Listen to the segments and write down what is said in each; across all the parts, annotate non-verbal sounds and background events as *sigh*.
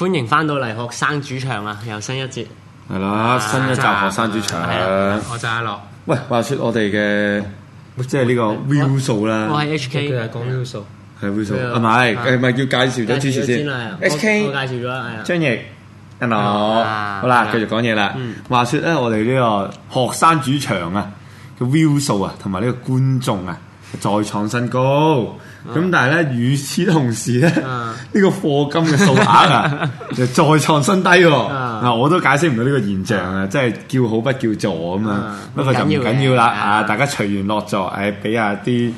歡迎翻到嚟學生主場啊！又新一節，係啦，新一集學生主場。我就阿樂。喂，話說我哋嘅即係呢個 view 數啦。我係 HK，佢係講 view 數。係 view 數，係咪？係咪要介紹咗主持人先？HK，我介紹咗，係啊。張翼，Hello，好啦，繼續講嘢啦。話說咧，我哋呢個學生主場啊嘅 view 數啊，同埋呢個觀眾啊，再創新高。咁但係咧，與此同時咧，呢個課金嘅數額啊， *laughs* 就再創新低喎！啊、我都解釋唔到呢個現象啊，即係叫好不叫座咁樣，啊、不過就唔緊要啦啊、哎。啊，大家隨緣落座，誒，俾下啲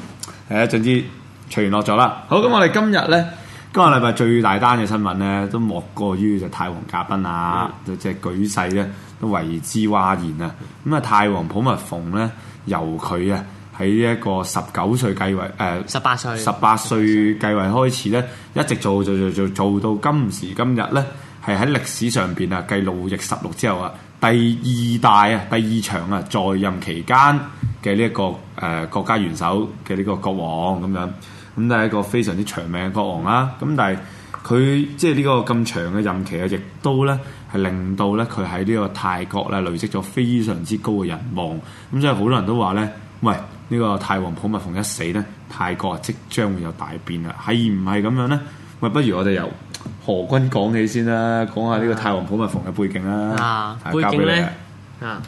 誒，總之隨緣落座啦。好，咁我哋今日咧，嗯、今個禮拜最大單嘅新聞咧，都莫過於就泰王駕崩啊，嗯、即係舉世咧都為之譁然啊。咁啊，泰王普密蓬咧，由佢啊～喺呢一個十九歲繼位，誒十八歲十八歲繼位開始咧，一直做做做做做到今時今日咧，係喺歷史上邊啊，繼路易十六之後啊，第二大，啊，第二長啊，在任期間嘅呢一個誒、呃、國家元首嘅呢個國王咁樣，咁都係一個非常之長命嘅國王啦。咁但係佢即係呢個咁長嘅任期啊，亦都咧係令到咧佢喺呢個泰國咧累積咗非常之高嘅人望，咁所以好多人都話咧，喂～呢個泰皇普密蓬一死咧，泰國啊即將會有大變啦！係唔係咁樣咧？喂，不如我哋由何君講起先啦，講下呢個泰皇普密蓬嘅背景啦。啊，背景咧啊，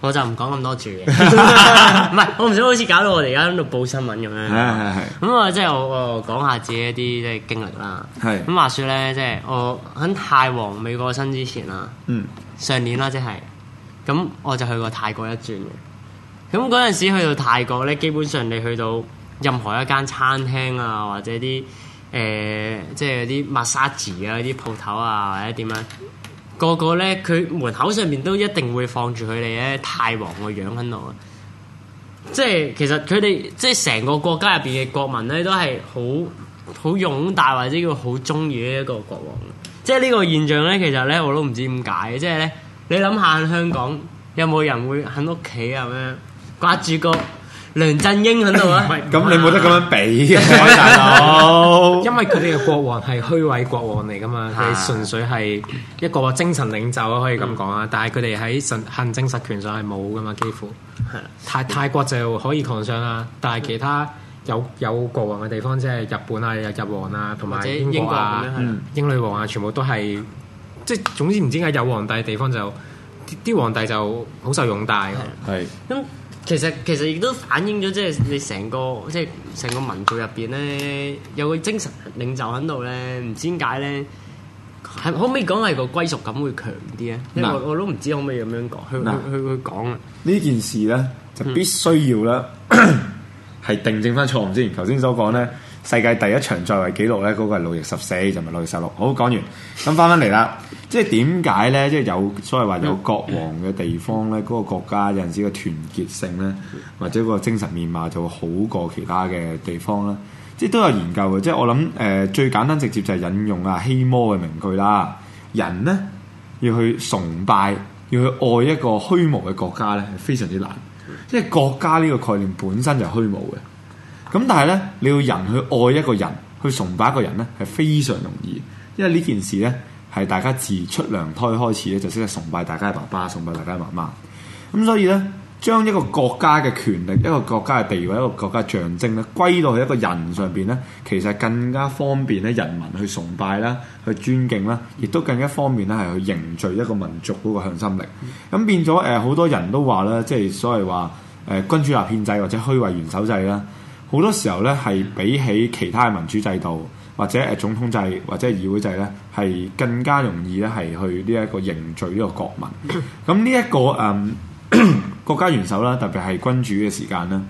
我就唔講咁多住嘢，唔係 *laughs* *laughs* 我唔想好似搞到我哋而家喺度報新聞咁樣。係係係。咁啊，即係我我講下自己一啲即係經歷啦。係。咁話説咧，即係我喺泰皇未過身之前啦。嗯。上年啦，即係，咁我就去過泰國一轉嘅。咁嗰陣時去到泰國咧，基本上你去到任何一間餐廳啊，或者啲誒、呃，即係啲 massage 啊啲鋪頭啊，或者點樣，個個咧佢門口上面都一定會放住佢哋咧泰王個樣喺度啊！即係其實佢哋即係成個國家入邊嘅國民咧，都係好好擁戴或者叫好中意呢一個國王。即係呢個現象咧，其實咧我都唔知點解即係咧，你諗下香港有冇人會喺屋企咁樣？掛住個梁振英喺度 *laughs* 哇啊！咁你冇得咁樣畀啊，因為佢哋嘅國王係虛位國王嚟噶嘛，係純粹係一個精神領袖啊，可以咁講啊。嗯、但係佢哋喺實行政實權上係冇噶嘛，幾乎係泰、嗯、泰國就可以抗上啦。但係其他有有國王嘅地方，即係日本啊、日日王啊，同埋英國啊、英女王啊，全部都係、嗯、即係總之，唔知點解有皇帝嘅地方就啲皇帝就好受擁戴。係咁的。其實其實亦都反映咗，即係你成個即係成個民族入邊咧，有個精神領袖喺度咧，唔知點解咧，係可唔可以講係個歸屬感會強啲咧？因為、啊、我，我都唔知可唔可以咁樣講，去去去講啊，呢件事咧就必須要啦，係、嗯、 *coughs* 定正翻錯誤先。頭先所講咧。世界第一場在位紀錄咧，嗰個係路易十四，就咪路易十六。好，講完。咁翻返嚟啦。即係點解咧？即係有所謂話有國王嘅地方咧，嗰個國家有陣時個團結性咧，或者個精神面貌就會好過其他嘅地方咧。即係都有研究嘅。即係我諗誒，最簡單直接就係引用啊希摩嘅名句啦。人咧要去崇拜，要去愛一個虛無嘅國家咧，係非常之難。即係國家呢個概念本身就虛無嘅。咁但係咧，你要人去愛一個人，去崇拜一個人咧，係非常容易，因為呢件事咧，係大家自出娘胎開始咧，就識得崇拜大家嘅爸爸，崇拜大家嘅媽媽。咁所以咧，將一個國家嘅權力、一個國家嘅地位、一個國家象徵咧，歸到去一個人上邊咧，其實更加方便咧，人民去崇拜啦，去尊敬啦，亦都更加方便咧，係去凝聚一個民族嗰個向心力。咁、嗯、變咗誒，好、呃、多人都話咧，即係所謂話誒、呃、君主立憲制或者虛位元首制啦。好多時候咧，係比起其他嘅民主制度，或者誒總統制或者係議會制咧，係更加容易咧，係去呢一個凝聚呢個國民。咁呢一個誒、嗯、 *coughs* 國家元首啦，特別係君主嘅時間咧，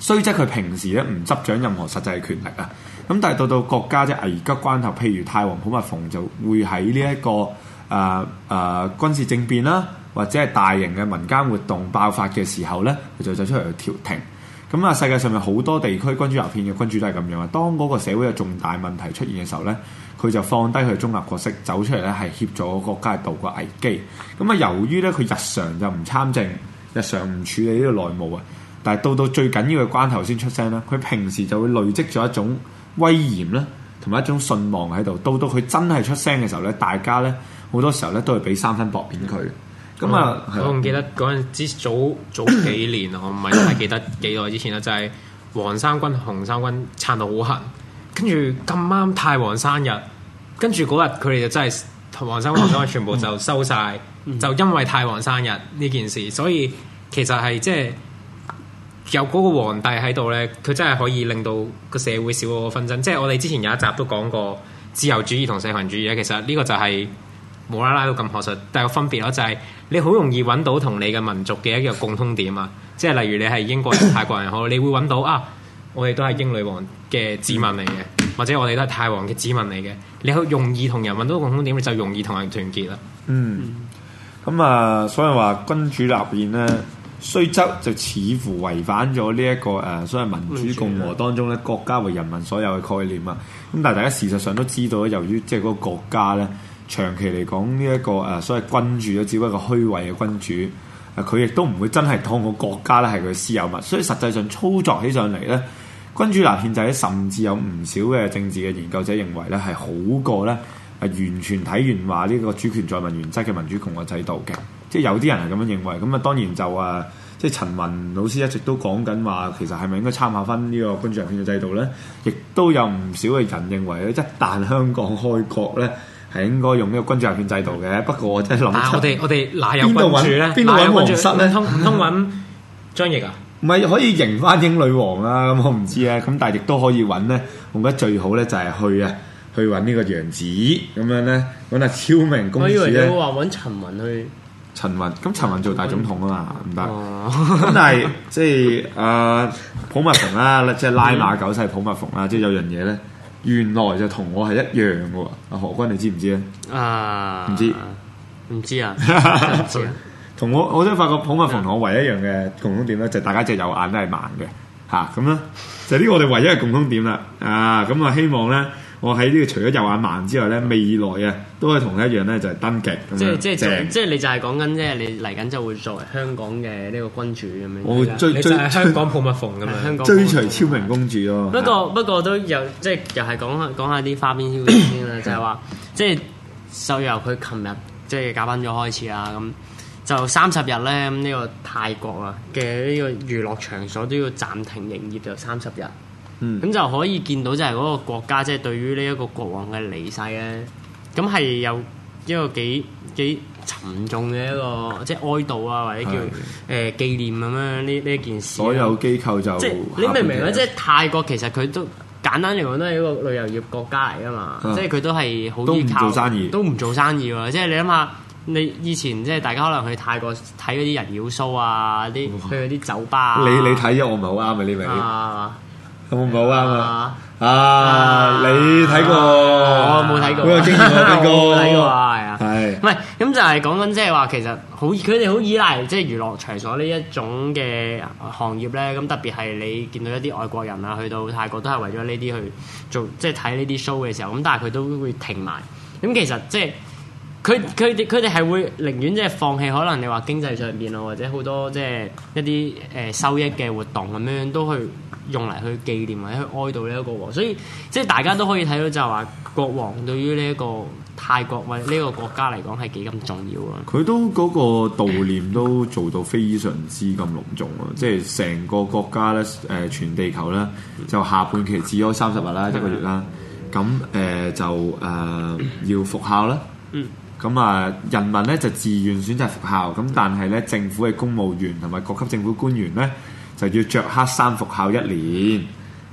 雖則佢平時咧唔執掌任何實際嘅權力啊，咁但係到到國家即係危急關頭，譬如泰皇普密蓬就會喺呢一個誒誒、呃呃、軍事政變啦，或者係大型嘅民間活動爆發嘅時候咧，佢就走出嚟去調停。咁啊，世界上面好多地區君主立憲嘅君主都係咁樣啊。當嗰個社會有重大問題出現嘅時候咧，佢就放低佢中立角色，走出嚟咧係協助個國家渡過危機。咁啊，由於咧佢日常就唔參政，日常唔處理呢啲內務啊，但係到到最緊要嘅關頭先出聲啦，佢平時就會累積咗一種威嚴咧，同埋一種信望喺度。到到佢真係出聲嘅時候咧，大家咧好多時候咧都係俾三分薄面佢。咁啊！嗯嗯、我仲記得嗰陣之早早幾年，啊。 *coughs* 我唔係太記得幾耐之前啦。就係、是、黃三軍、紅三軍撐到好痕。跟住咁啱泰王生日，跟住嗰日佢哋就真係同黃三軍、紅三軍全部就收晒，嗯、就因為泰王生日呢件事，所以其實係即係有嗰個皇帝喺度咧，佢真係可以令到個社會少咗好多紛爭。即、就、係、是、我哋之前有一集都講過自由主義同社群主義啊，其實呢個就係、是。冇啦啦都咁學術，但係個分別咯，就係、是、你好容易揾到同你嘅民族嘅一個共通點啊！即係例如你係英國人、 *coughs* 泰國人，好，你會揾到啊，我哋都係英女王嘅子民嚟嘅，或者我哋都係泰王嘅子民嚟嘅，你好容易同人揾到共通點，你就容易同人團結啦。嗯，咁啊、呃，所以話君主立憲咧，雖則就似乎違反咗呢一個誒、呃，所謂民主共和當中咧，國家為人民所有嘅概念啊。咁但係大家事實上都知道由於即係嗰個國家咧。長期嚟講，呢、這、一個誒所謂君主咧，只不過一個虛位嘅君主，佢亦、啊、都唔會真係當個國家咧係佢私有物，所以實際上操作起上嚟咧，君主立憲制咧，甚至有唔少嘅政治嘅研究者認為咧，係好過咧係、啊、完全體完話呢個主權在民原則嘅民主共和制度嘅，即係有啲人係咁樣認為，咁啊當然就誒、啊，即係陳雲老師一直都講緊話，其實係咪應該參考翻呢個君主立憲嘅制度咧？亦都有唔少嘅人認為咧，一旦香港開國咧。係應該用呢個君主立憲制度嘅，不過我真係諗唔出。我哋我哋邊度揾邊度王室咧？通通揾張翼啊？唔係 *laughs* 可以迎翻英女王啦，咁我唔知啊。咁、啊、但係亦都可以揾咧。我覺得最好咧就係去啊，去揾呢個楊子咁樣咧，揾阿超明公主咧。我以為會話揾陳雲去。陳雲咁陳雲做大總統啊嘛，唔得。咁哇 *laughs* *laughs* 但係、呃、 *laughs* 即係啊，普密蓬啊，即係拉馬九世普密蓬啦，即係、嗯、有樣嘢咧。原來就同我係一樣嘅喎，阿何君你知唔知咧？啊，唔知，唔知啊，同 *laughs* *laughs* 我我都發覺普密蓬同我唯一一樣嘅共通點咧、啊，就係大家隻右眼都係盲嘅，吓，咁啦，就呢個我哋唯一嘅共通點啦，啊咁啊、嗯、希望咧。我喺呢個除咗遊阿曼之外咧，未來啊，都係同一樣咧，就係登極。即即即即係你就係講緊即係你嚟緊就會作為香港嘅呢個君主咁樣。我追追香港普密蓬咁樣。追隨超明公主咯。不過不過都有即係又係講講下啲花邊小報先啦，就係話即係受由佢琴日即係假翻咗開始啦咁，就三十日咧咁呢個泰國啊嘅呢個娛樂場所都要暫停營業就三十日。咁、嗯、就可以見到，就係嗰個國家即係、就是、對於呢一個國王嘅離世咧，咁係有一個幾幾沉重嘅一個即係哀悼啊，或者叫誒、呃、紀念咁樣呢呢一件事、啊。所有機構就即你明唔明啊？即係泰國其實佢都簡單嚟講都係一個旅遊業國家嚟啊嘛，啊即係佢都係好都唔做生意，都唔做生意喎。即係你諗下，你以前即係大家可能去泰國睇嗰啲人妖 show 啊，啲哇去嗰啲酒吧。你你睇咗我唔係好啱啊？你明？啊 uh, 咁冇啊嘛！可可 uh, 啊，你睇過？Uh, uh, *laughs* 我冇睇過。我冇睇過。係唔係？咁就係講緊即係話，其實好，佢哋好依賴即係娛樂場所呢一種嘅行業咧。咁特別係你見到一啲外國人啊，去到泰國都係為咗呢啲去做，即係睇呢啲 show 嘅時候。咁但係佢都會停埋。咁其實即係佢佢哋佢哋係會寧願即係放棄，可能你話經濟上面，咯，或者好多即係一啲誒收益嘅活動咁樣都去。用嚟去紀念或者去哀悼呢一個王，所以即係大家都可以睇到就係話，國王對於呢一個泰國或者呢個國家嚟講係幾咁重要啊！佢都嗰個悼念都做到非常之咁隆重啊！嗯、即係成個國家咧，誒、呃，全地球咧，就下半期至咗三十日啦，嗯、一個月啦，咁誒、呃、就誒、呃嗯、要復校啦，咁、嗯、啊，人民咧就自願選擇復校，咁但係咧政府嘅公務員同埋各級政府官員咧。就要着黑衫服考一年，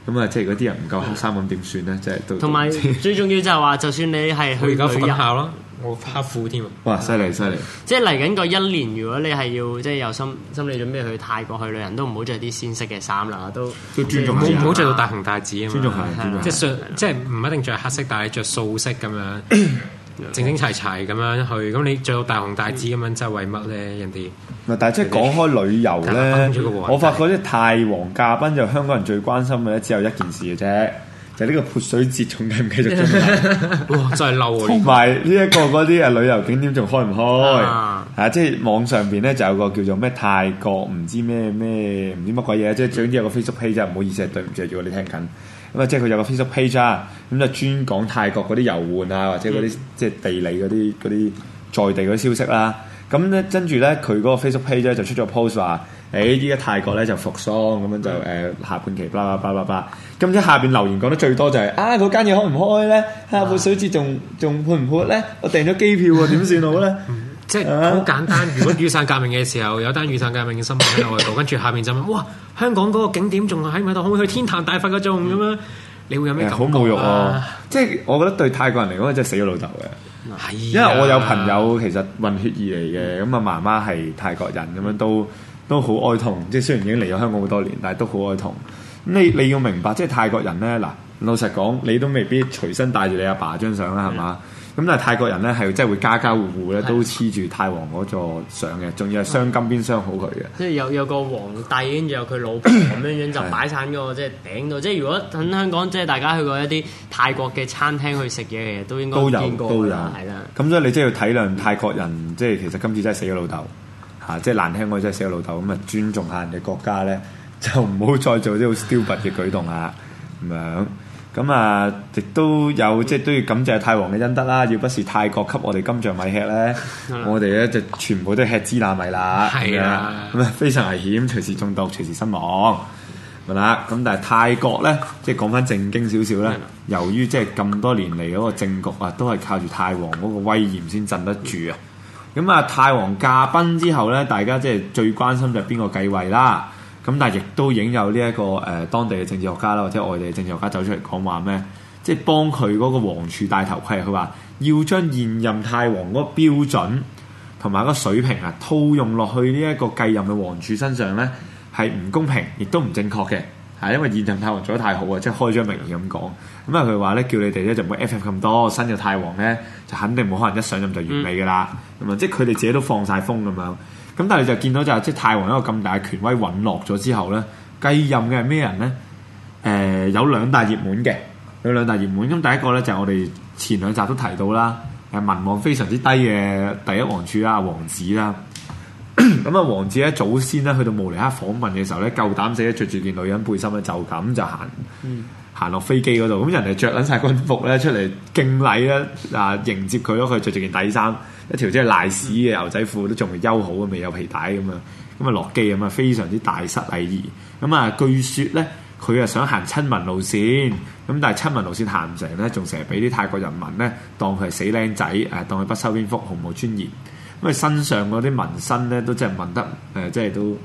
咁啊，即係如果啲人唔夠黑衫，咁點算咧？即係都同埋最重要就係話，就算你係去旅遊咯，我刻苦添啊！哇，犀利犀利！即係嚟緊個一年，如果你係要即係有心心理準備去泰國去旅行，都唔好着啲鮮色嘅衫啦，都都尊重下，唔好着到大紅大紫啊嘛！尊重下，即係即係唔一定着黑色，但係着素色咁樣。整整齊齊咁樣去，咁你到大紅大紫咁樣，真係為乜咧？人哋唔係，但係即係講開旅遊咧，我發覺啲泰皇嘉賓就香港人最關心嘅咧，只有一件事嘅啫，啊、就呢個潑水節仲繼唔繼續進行？哇，真係嬲！同埋呢一個嗰啲誒旅遊景點仲開唔開？吓、啊啊，即、就、係、是、網上邊咧就有個叫做咩泰國唔知咩咩唔知乜鬼嘢，嗯、即係總之有個 Facebook page，就唔好意思，對唔住如果你聽緊。咁啊，即係佢有個 Facebook page 啊，咁就專講泰國嗰啲遊玩啊，或者嗰啲即係地理嗰啲啲在地嗰啲消息啦。咁咧，跟住咧，佢嗰個 Facebook page 咧就出咗 post 話：誒依家泰國咧就服喪，咁樣就誒、呃、下半期，巴拉巴拉巴拉。咁即係下邊留言講得最多就係、是：啊嗰間嘢開唔、啊、開咧？下個、啊啊、潑水節仲仲潑唔潑咧？我訂咗機票喎，點算好咧？ *laughs* 即係好簡單，嗎如果雨傘革命嘅時候 *laughs* 有單雨傘革命嘅新聞喺我度，跟住 *coughs* 下面就問：哇，香港嗰個景點仲喺唔喺度？可唔可以去天壇大佛嗰種咁樣？嗯、你會有咩、啊？好、嗯、侮辱啊！即係我覺得對泰國人嚟講係真係死咗老豆嘅。係、啊，因為我有朋友其實混血兒嚟嘅，咁啊媽媽係泰國人，咁樣都都好哀痛。即係雖然已經嚟咗香港好多年，但係都好哀痛。你你，你要明白，即係泰國人咧嗱，老實講，你都未必隨身帶住你阿爸張相啦，係嘛？嗯咁但係泰國人咧，係真係會家家戶戶咧都黐住泰王嗰座相嘅，仲的要係鑲金邊鑲好佢嘅。即係有有個皇帝，跟住有佢老婆咁樣 *coughs* 樣，就擺晒、那個的即係頂度。即係如果喺香港，即係大家去過一啲泰國嘅餐廳去食嘢嘅，都應該見過。係啦。咁所以你真係要體諒泰國人，即係、嗯、其,其實今次真係死咗老豆嚇、啊，即係難聽講真係死咗老豆。咁、嗯、啊，尊重下人哋國家咧，就唔好再做啲好 stupid 嘅舉動啦。咁樣。咁啊，亦都、嗯、有即係都要感謝泰王嘅恩德啦。要不是泰國給我哋金像米吃咧， *laughs* 我哋咧就全部都吃支麻米啦。係啊、 *laughs* 嗯，咁啊非常危險，隨時中毒，隨時身亡。咪、嗯、得。咁但係泰國咧，即係講翻正經少少咧， *laughs* 由於即係咁多年嚟嗰個政局啊，都係靠住泰王嗰個威嚴先鎮得住啊。咁啊，泰王駕崩之後咧，大家即係最關心就係邊個繼位啦。咁但係亦都影有呢、這、一個誒、呃、當地嘅政治學家啦，或者外地嘅政治學家走出嚟講話咩？即、就、係、是、幫佢嗰個王儲戴頭盔，佢話要將現任泰王嗰個標準同埋嗰個水平啊套用落去呢一個繼任嘅王儲身上咧，係唔公平，亦都唔正確嘅。係因為現任泰王做得太好啊，即係開宗明義咁講。咁啊佢話咧，叫你哋咧就唔好 FF 咁多，新嘅泰王咧就肯定冇可能一上任就完美噶啦。咁啊，即係佢哋自己都放晒風咁樣。咁但係就見到就係即係泰王一個咁大嘅權威隕落咗之後咧，繼任嘅係咩人咧？誒、呃，有兩大熱門嘅，有兩大熱門。咁第一個咧就係我哋前兩集都提到啦，係民望非常之低嘅第一王儲啦，王子啦。咁啊，王子咧祖先咧去到慕尼黑訪問嘅時候咧，夠膽死，着住件女人背心咧就咁就行。嗯行落飛機嗰度，咁人哋着緊晒軍服咧出嚟敬禮啊，啊迎接佢咯，佢着住件底衫，一條即係瀨屎嘅牛仔褲都仲未修好啊，未有皮帶咁啊，咁啊落機咁啊，非常之大失禮儀。咁啊，據說咧，佢啊想行親民路線，咁但係親民路線行唔成咧，仲成日俾啲泰國人民咧當佢係死靚仔，誒當佢不修邊幅、毫無尊嚴。咁啊，身上嗰啲紋身咧都真係紋得誒，即、呃、係都誒、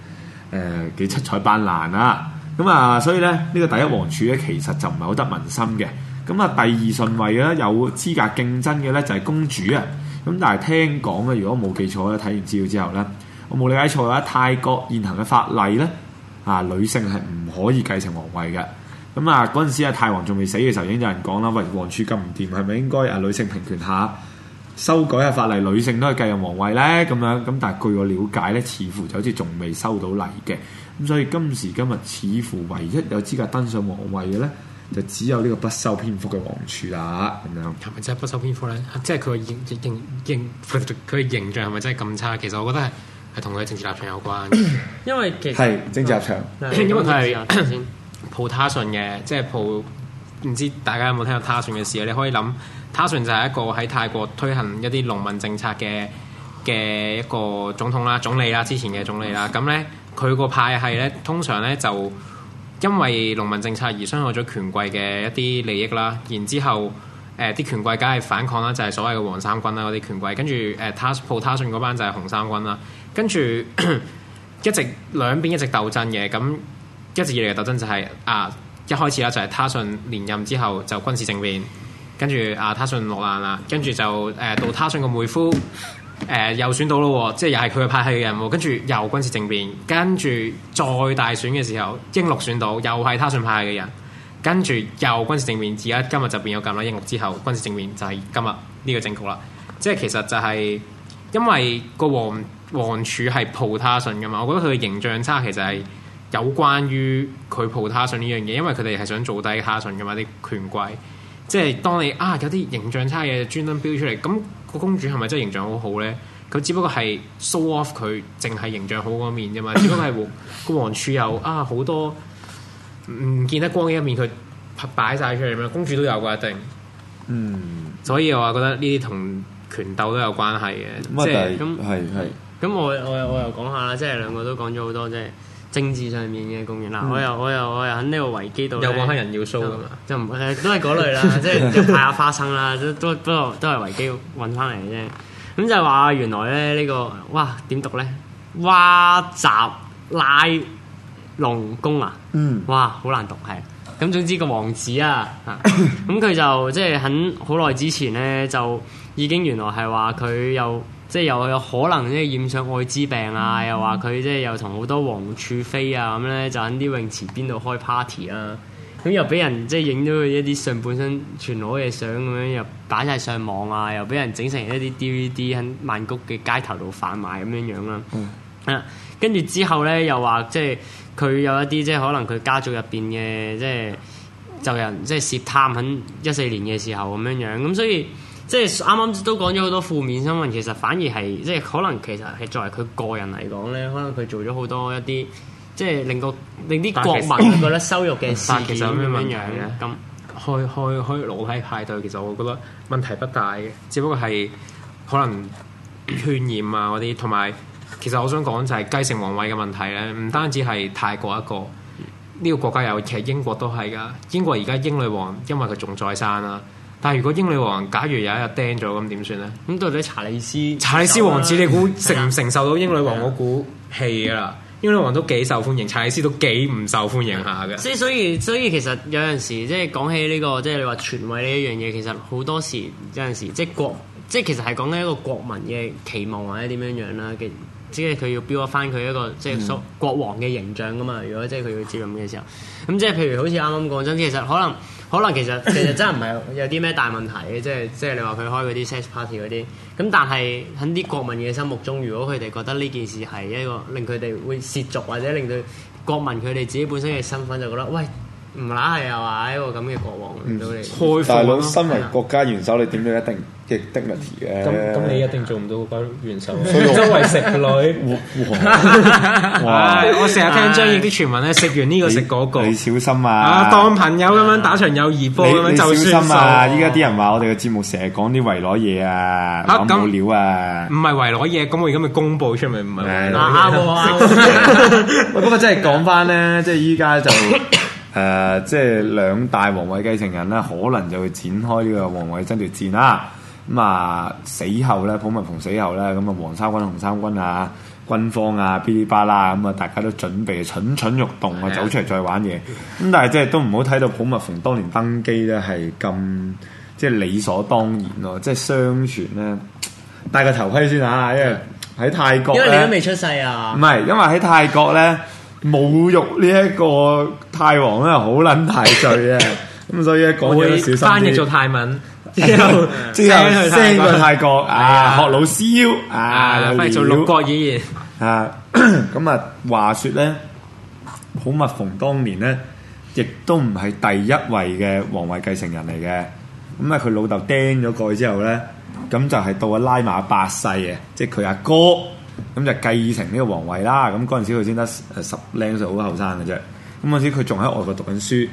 呃、幾七彩斑斕。啊！咁啊，所以咧呢個第一王儲咧，其實就唔係好得民心嘅。咁啊，第二順位咧有資格競爭嘅咧就係公主啊。咁但係聽講咧，如果冇記錯咧，睇完資料之後咧，我冇理解錯啦。泰國現行嘅法例咧，啊女性係唔可以繼承皇位嘅。咁啊，嗰陣時啊，泰王仲未死嘅時候已經有人講啦，喂，王儲咁唔掂，係咪應該啊女性平權下修改下法例，女性都可以繼任皇位咧？咁樣咁，但係據我了解咧，似乎就好似仲未收到例嘅。咁所以今時今日似乎唯一有資格登上皇位嘅咧，就只有呢個不修邊幅嘅王儲啦。咁樣係咪真係不修邊幅咧？即係佢嘅形形形，佢嘅形象係咪真係咁差？其實我覺得係係同佢嘅政治立場有關。 *coughs* 因為其實係政治立場， *coughs* 因為佢係 *coughs* 抱他信嘅，即係抱，唔知大家有冇聽到他信嘅事？你可以諗，他信就係一個喺泰國推行一啲農民政策嘅嘅一個總統啦、總理啦、之前嘅總理啦。咁咧。 *coughs* *coughs* 佢個派系咧，通常咧就因為農民政策而傷害咗權貴嘅一啲利益啦。然之後，誒、呃、啲權貴梗係反抗啦，就係、是、所謂嘅黃衫軍啦，嗰啲權貴。跟住誒，他，普他信嗰班就係紅衫軍啦。跟住 *coughs* 一直兩邊一直鬥爭嘅，咁一直以嚟嘅鬥爭就係、是、啊，一開始啦就係他信連任之後就軍事政變，跟住啊他信落難啦，跟住就誒、呃、到他信嘅妹夫。誒、呃、又選到咯，即係又係佢嘅派系嘅人，跟住又軍事政變，跟住再大選嘅時候，英六選到又係他信派嘅人，跟住又軍事政變。而家今日就變咗咁啦，英六之後軍事政變就係今日呢個政局啦。即係其實就係因為個王王儲係 pro 他信噶嘛，我覺得佢嘅形象差其實係有關於佢 pro 他信呢樣嘢，因為佢哋係想做低他信噶嘛啲權貴。即係當你啊有啲形象差嘅專登標出嚟咁。個公主係咪真係形象好好咧？佢只不過係 show off 佢，淨係形象好嗰面啫嘛。只不過係個王處有啊，好多唔見得光嘅一面，佢擺晒出嚟啦。公主都有噶，一定。嗯，所以我話覺得呢啲同拳鬥都有關係嘅，即係咁係係。咁我我我又講下啦，即係兩個都講咗好多，即係。政治上面嘅公園啦、嗯，我又我又我又喺呢個維基度又搵黑人妖須咁啊，就唔誒都係嗰類啦，即係又派下花生啦，都不過都係維基揾翻嚟嘅啫。咁就係、是、話原來咧、這、呢個哇點讀咧？哇，集拉隆功啊，嗯，哇好難讀係。咁總之個王子啊，咁佢 *laughs* 就即係、就是、喺好耐之前咧，就已經原來係話佢又。即係又有可能即係染上愛滋病、嗯、啊，啊！又話佢即係又同好多皇儲妃啊咁咧，就喺啲泳池邊度開 party 啦。咁又俾人即係影咗佢一啲上半身全裸嘅相咁樣，又擺晒上網 D D 上、嗯、啊，又俾人整成一啲 DVD 喺曼谷嘅街頭度販賣咁樣樣啦。啊，跟住之後咧，又話即係佢有一啲即係可能佢家族入邊嘅即係就人即係、就是、涉貪，喺一四年嘅時候咁樣樣咁，所以。即係啱啱都講咗好多負面新聞，其實反而係即係可能其實係作為佢個人嚟講咧，可能佢做咗好多一啲即係令到令啲國民覺得羞辱嘅事件，但其實咁樣樣嘅。咁開開開裸體派對，其實我覺得問題不大嘅，只不過係可能渲染啊嗰啲，同埋其實我想講就係繼承王位嘅問題咧，唔單止係泰國一個呢、呢個國家有，其實英國都係噶。英國而家英女王因為佢仲在生啦。但係如果英女王假如有一日釘咗，咁點算咧？咁到底查理斯、查理斯王子，你估承唔承受到英女王嗰股氣㗎喇？英女王都幾受歡迎， *laughs* 查理斯都幾唔受歡迎下㗎。即係所，所以，所以其實有陣時，即係講起呢個，即係你話傳位呢一樣嘢，其實好多時有陣時，即係國，即係其實係講緊一個國民嘅期望或者點樣樣啦。即係佢要表達翻佢一個即係國王嘅形象噶嘛。如果即係佢要接任嘅時候，咁即係譬如好似啱啱講真，其實可能。 *coughs* *coughs* 可能其實其實真係唔係有啲咩大問題嘅，即係即係你話佢開嗰啲 sex party 嗰啲，咁但係喺啲國民嘅心目中，如果佢哋覺得呢件事係一個令佢哋會涉足或者令到國民佢哋自己本身嘅身份就覺得喂。唔乸係又係一個咁嘅國王唔到你，大佬身為國家元首，你點都一定嘅 duty 嘅。咁咁你一定做唔到國家元首，周圍食女。我我成日聽張翼啲傳聞咧，食完呢個食嗰個，你小心啊！當朋友咁樣打場友誼波咁樣，就小心啊！依家啲人話我哋嘅節目成日講啲圍攞嘢啊，講冇料啊！唔係圍攞嘢，咁我而家咪公佈出嚟，唔係？拉我啊！不過真係講翻咧，即係依家就。誒、呃，即係兩大皇位繼承人咧，可能就會展開呢個皇位爭奪戰啦。咁、嗯、啊，死後咧，普密蓬死後咧，咁啊，黃衫軍、紅衫軍啊，軍方啊，嗶哩巴啦，咁、嗯、啊，大家都準備蠢蠢欲動啊，的走出嚟再玩嘢。咁但係即係都唔好睇到普密蓬當年登基咧，係咁即係理所當然咯、啊。即係相傳咧，戴個頭盔先嚇、啊，因為喺泰國因、啊。因為你都未出世啊。唔係，因為喺泰國咧。侮辱呢一個泰王咧，好撚大罪啊！咁所以咧講嘢要小心啲。翻譯做泰文之後，之後 send 去泰國啊，學老師要啊，咪做老國演員啊。咁啊，話說咧，普密蓬當年咧，亦都唔係第一位嘅皇位繼承人嚟嘅。咁啊，佢老豆掟咗過去之後咧，咁就係到阿拉瑪八世啊，即係佢阿哥。咁就繼承呢個皇位啦，咁嗰陣時佢先得誒十零歲，好後生嘅啫。咁嗰陣時佢仲喺外國讀緊書。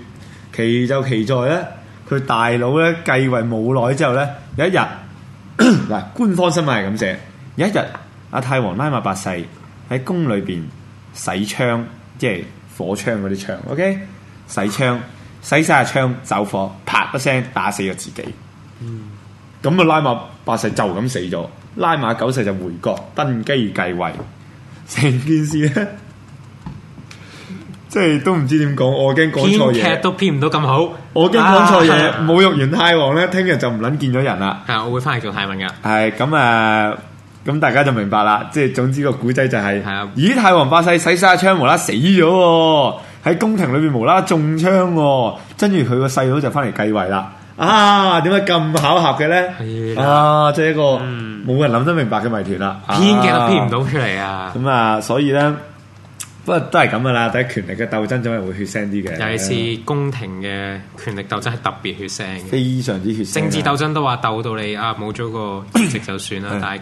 奇就奇在咧，佢大佬咧繼位冇耐之後咧，有一日嗱， *coughs* 官方新聞係咁寫：有一日阿太王拉馬八世喺宮裏邊洗槍，即係火槍嗰啲槍，OK？洗槍洗晒下槍走火，啪一聲打死咗自己。嗯，咁啊，拉馬八世就咁死咗。拉馬九世就回國登基繼位，成件事咧，即係都唔知點講，我驚講錯嘢。編劇都編唔到咁好，我驚講錯嘢。侮辱完泰王咧，聽日就唔捻見咗人啦。係，我會翻嚟做泰文噶。係咁誒，咁大家就明白啦。即係總之個古仔就係。係啊。咦？泰王八世使沙槍無啦死咗喎，喺宮廷裏邊無啦中槍，跟住佢個細佬就翻嚟繼位啦。啊，點解咁巧合嘅咧？啊，即係一個。冇人諗得明白嘅謎團啦，編劇都編唔到出嚟啊！咁啊,啊，所以咧，不過都係咁噶啦，第一權力嘅鬥爭總係會血腥啲嘅。尤其是宮廷嘅權力鬥爭係特別血腥，嘅，非常之血腥。政治鬥爭都話鬥到你 *coughs* 啊，冇咗個意識就算啦， *coughs* 但係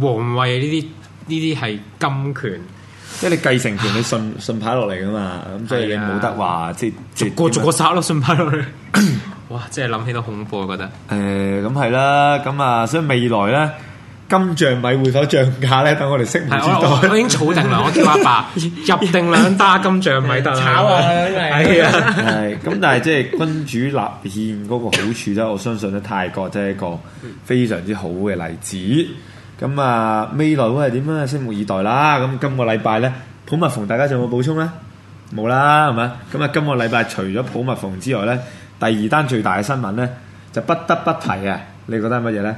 皇位呢啲呢啲係金權， *coughs* 即係你繼承權你順順牌落嚟噶嘛，咁即係你冇得話即係逐個逐個殺咯，順牌落嚟。 *coughs* *coughs* *coughs* 哇！真係諗起都恐怖，我覺得。誒，咁係啦，咁啊，所以未來咧，金像米會否漲價咧？等我哋拭目以待。我我已經儲定啦，我叫阿爸入定兩打金像米得。炒啊，係啊。係。咁但係即係君主立憲嗰個好處咧，我相信咧，泰國真係一個非常之好嘅例子。咁啊，未來會係點樣咧？拭目以待啦。咁今個禮拜咧，普密逢大家仲有冇補充咧？冇啦，係咪。咁啊，今個禮拜除咗普密逢之外咧。第二單最大嘅新聞咧，就不得不提啊！你覺得係乜嘢咧？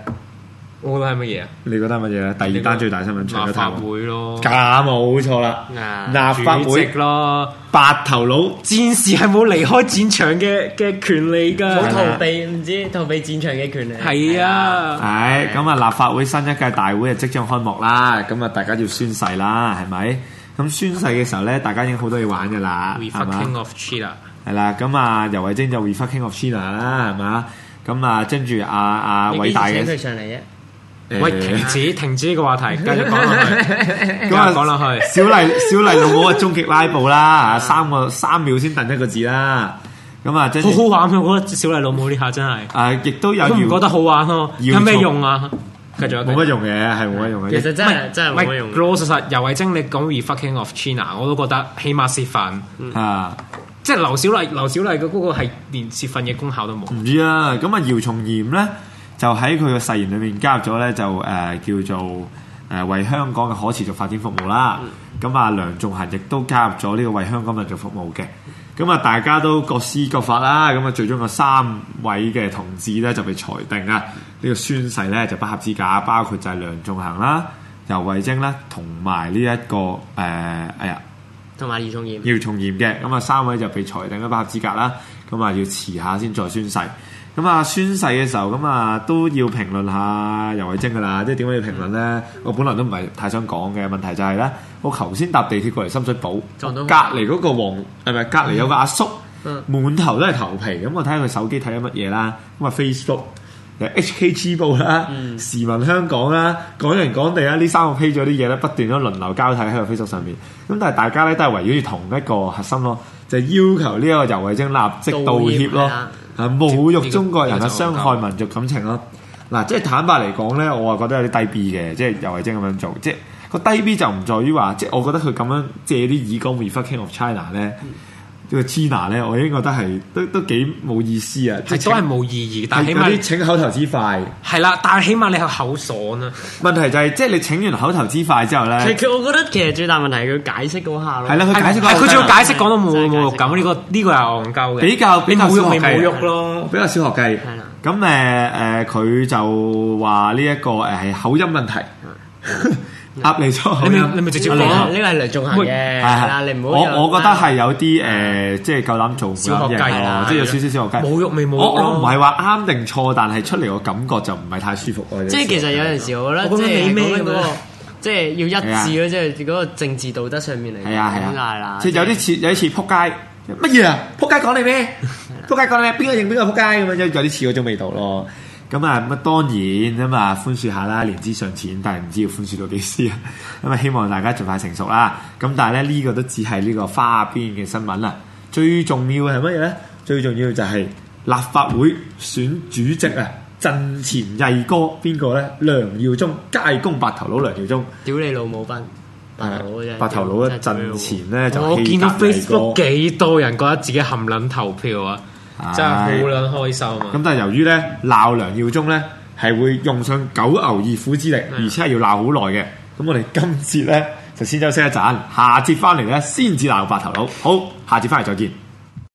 我覺得係乜嘢啊？你覺得係乜嘢咧？第二單最大新聞，除咗立法會咯，假冇錯啦，立法會咯，白頭佬戰士係冇離開戰場嘅嘅權利噶，逃避，唔知逃避戰場嘅權利係啊！係咁啊！立法會新一屆大會啊，就即將開幕啦！咁啊，大家要宣誓啦，係咪？咁宣誓嘅時候咧，大家已經好多嘢玩噶啦，係嘛？係啦，咁啊，游蕙禎就 refucking of China 啦，係咪？咁啊，跟住阿阿偉大嘅，喂，停止停止呢個話題，繼續講落去，繼續講落去。小麗小麗老母嘅終極拉布啦，三個三秒先等一個字啦，咁啊，好好玩啊！我覺得小麗老母呢下真係，誒，亦都有都唔覺得好玩咯，有咩用啊？繼續冇乜用嘅，係冇乜用嘅。其實真係真係冇乜用。老老實實，游蕙禎你講 refucking of China，我都覺得起碼是飯啊。即係劉小麗，劉小麗嘅嗰個係連泄憤嘅功效都冇。唔知啊。咁啊，姚松炎咧就喺佢嘅誓言裏面加入咗咧，就誒、呃、叫做誒、呃、為香港嘅可持續發展服務啦。咁、嗯、啊，梁頌恆亦都加入咗呢個為香港人做服務嘅。咁啊，大家都各施各法啦。咁啊，最終有三位嘅同志咧就被裁定啊，呢、嗯、個宣誓咧就不合資格，包括就係梁頌恆啦、游蕙禎啦，同埋呢一個誒、呃，哎呀～同埋姚松炎，姚松炎嘅，咁啊三位就被裁定咗不合資格啦，咁啊要遲下先再宣誓，咁啊宣誓嘅時候，咁啊都要評論下游蕙禎噶啦，即係點解要評論咧？嗯、我本嚟都唔係太想講嘅，問題就係、是、咧，我頭先搭地鐵過嚟深水埗，撞到隔籬嗰個黃係咪？隔籬有個阿叔，嗯，滿頭都係頭皮，咁我睇下佢手機睇緊乜嘢啦，咁啊 Facebook。HKG 報啦，嗯、時聞香港啦，港人港地啦，呢三個批咗啲嘢咧，不斷都輪流交替喺個 Facebook 上面。咁但係大家咧都係圍繞住同一個核心咯，就係、是、要求呢一個游蕙禎立即道歉咯，係、嗯、侮辱中國人啊，傷害民族感情咯。嗱、嗯，即係坦白嚟講咧，我話覺得有啲低 B 嘅，即係游蕙禎咁樣做，即係個低 B 就唔在於話，即、就、係、是、我覺得佢咁樣借啲耳光 referring of China 咧。嗯。呢個 China 咧，我已經覺得係都都幾冇意思啊！都係冇意義，但係起碼你請口頭之快係啦，但係起碼你係口爽啊！問題就係即係你請完口頭之快之後咧，其實我覺得其實最大問題係佢解釋嗰下咯，係啦，佢解釋嗰下佢仲要解釋講到冇冇咁呢個呢個又戇鳩嘅，比較比較小學雞咯，比較小學雞。係啦，咁誒誒，佢就話呢一個誒口音問題。噏嚟錯，你咪你咪直接講，呢個係梁仲行嘅，係啦，你唔好。我我覺得係有啲誒，即係夠膽做小學雞即係有少少小學雞。冇肉味。冇。我唔係話啱定錯，但係出嚟個感覺就唔係太舒服。即係其實有陣時，我覺得即係嗰個即係要一致囉，即係嗰個政治道德上面嚟。係啊係啦。即係有啲似有啲似撲街。乜嘢啊？撲街講你咩？撲街講你邊個認邊個撲街咁樣？有有啲似嗰種味道咯。咁啊，咁啊，當然咁啊嘛，寬恕下啦，年資尚淺，但係唔知要寬恕到幾時啊！咁啊，希望大家儘快成熟啦。咁但係咧，呢、這個都只係呢個花邊嘅新聞啦。最重要係乜嘢咧？最重要就係立法會選主席啊！陣前毅哥邊個咧？梁耀忠，街工白頭佬梁耀忠，屌你老母班，白頭佬啫！ *noise* 白頭佬咧陣前咧就我見到 Facebook 幾多，多人覺得自己冚撚投票啊！是真係好捻開心啊！咁但係由於咧鬧梁耀忠咧係會用上九牛二虎之力，而且係要鬧好耐嘅。咁是的 我哋今節咧就先休息一陣，下節翻嚟咧，先至鬧白頭佬。好，下節翻嚟，再見。